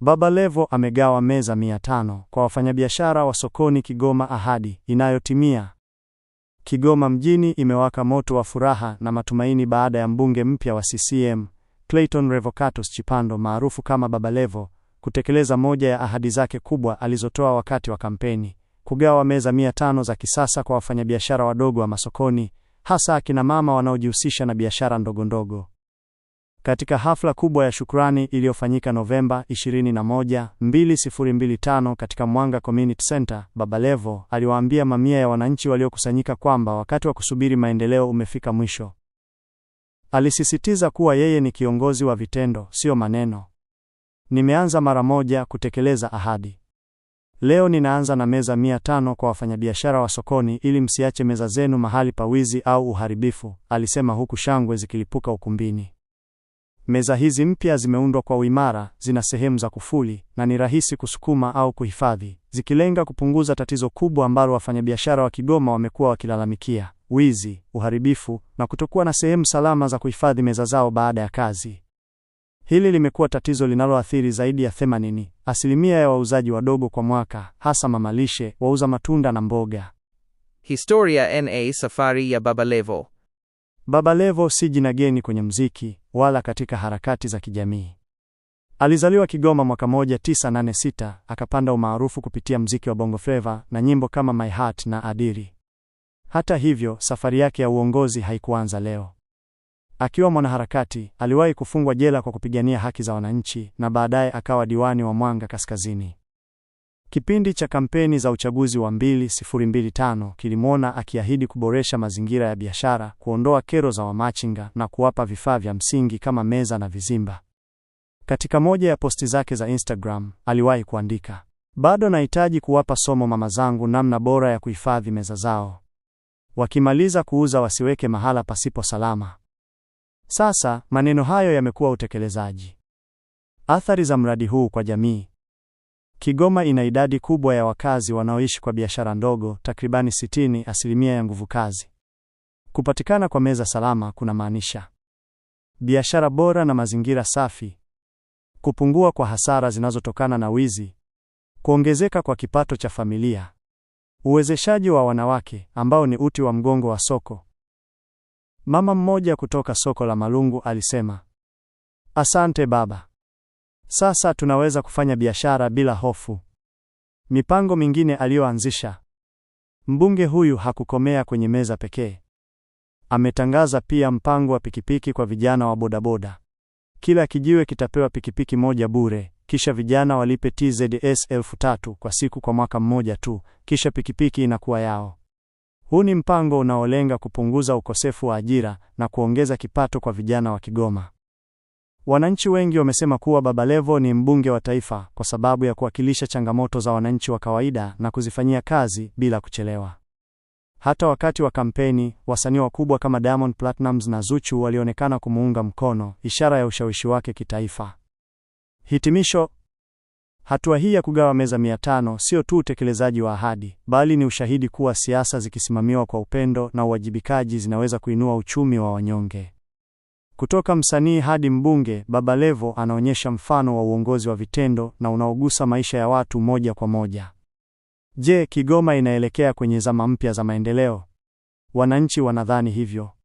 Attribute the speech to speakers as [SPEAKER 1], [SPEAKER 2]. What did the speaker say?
[SPEAKER 1] Baba Levo amegawa meza mia tano kwa wafanyabiashara wa sokoni Kigoma, ahadi inayotimia. Kigoma mjini imewaka moto wa furaha na matumaini baada ya mbunge mpya wa CCM Clayton Revocatus Chipando maarufu kama Baba Levo kutekeleza moja ya ahadi zake kubwa alizotoa wakati wa kampeni, kugawa meza mia tano za kisasa kwa wafanyabiashara wadogo wa masokoni, hasa akina mama wanaojihusisha na biashara ndogondogo. Katika hafla kubwa ya shukrani iliyofanyika Novemba 21, 2025 katika Mwanga Community Center, Baba Levo aliwaambia mamia ya wananchi waliokusanyika kwamba wakati wa kusubiri maendeleo umefika mwisho. Alisisitiza kuwa yeye ni kiongozi wa vitendo, sio maneno. Nimeanza mara moja kutekeleza ahadi. Leo ninaanza na meza mia tano kwa wafanyabiashara wa sokoni ili msiache meza zenu mahali pa wizi au uharibifu, alisema huku shangwe zikilipuka ukumbini. Meza hizi mpya zimeundwa kwa uimara, zina sehemu za kufuli na ni rahisi kusukuma au kuhifadhi, zikilenga kupunguza tatizo kubwa ambalo wafanyabiashara wa Kigoma wamekuwa wakilalamikia: wizi, uharibifu na kutokuwa na sehemu salama za kuhifadhi meza zao baada ya kazi. Hili limekuwa tatizo linaloathiri zaidi ya 80 asilimia ya wauzaji wadogo kwa mwaka, hasa mamalishe, wauza matunda na mboga.
[SPEAKER 2] Historia na safari ya Babalevo. Babalevo si jina geni kwenye mziki wala katika harakati za kijamii. Alizaliwa Kigoma mwaka 1986, akapanda umaarufu kupitia mziki wa Bongo Flava na nyimbo kama My Heart na Adiri. Hata hivyo, safari yake ya uongozi haikuanza leo. Akiwa mwanaharakati, aliwahi kufungwa jela kwa kupigania haki za wananchi na baadaye akawa diwani wa Mwanga Kaskazini. Kipindi cha kampeni za uchaguzi wa 2025 kilimwona akiahidi kuboresha mazingira ya biashara, kuondoa kero za wamachinga na kuwapa vifaa vya msingi kama meza na vizimba. Katika moja ya posti zake za Instagram, aliwahi kuandika, bado nahitaji kuwapa somo mama zangu namna bora ya kuhifadhi meza zao. Wakimaliza kuuza wasiweke mahala pasipo salama. Sasa maneno hayo yamekuwa utekelezaji. Athari za mradi huu kwa jamii. Kigoma ina idadi kubwa ya wakazi wanaoishi kwa biashara ndogo, takribani 60 asilimia ya nguvu kazi. Kupatikana kwa meza salama kunamaanisha biashara bora na mazingira safi, kupungua kwa hasara zinazotokana na wizi, kuongezeka kwa kipato cha familia, uwezeshaji wa wanawake ambao ni uti wa mgongo wa soko. Mama mmoja kutoka soko la Malungu alisema, asante baba, sasa tunaweza kufanya biashara bila hofu. Mipango mingine aliyoanzisha. Mbunge huyu hakukomea kwenye meza pekee. Ametangaza pia mpango wa pikipiki kwa vijana wa bodaboda. Kila kijiwe kitapewa pikipiki moja bure, kisha vijana walipe TZS elfu tatu kwa siku kwa mwaka mmoja tu, kisha pikipiki inakuwa yao. Huu ni mpango unaolenga kupunguza ukosefu wa ajira na kuongeza kipato kwa vijana wa Kigoma. Wananchi wengi wamesema kuwa Baba Levo ni mbunge wa taifa kwa sababu ya kuwakilisha changamoto za wananchi wa kawaida na kuzifanyia kazi bila kuchelewa. Hata wakati wa kampeni, wasanii wakubwa kama Diamond Platnumz na Zuchu walionekana kumuunga mkono, ishara ya ushawishi wake kitaifa. Hitimisho, hatua hii ya kugawa meza mia tano sio tu utekelezaji wa ahadi, bali ni ushahidi kuwa siasa zikisimamiwa kwa upendo na uwajibikaji zinaweza kuinua uchumi wa wanyonge. Kutoka msanii hadi mbunge, Baba Levo anaonyesha mfano wa uongozi wa vitendo na unaogusa maisha ya watu moja kwa moja. Je, Kigoma inaelekea kwenye zama mpya za maendeleo? Wananchi wanadhani hivyo.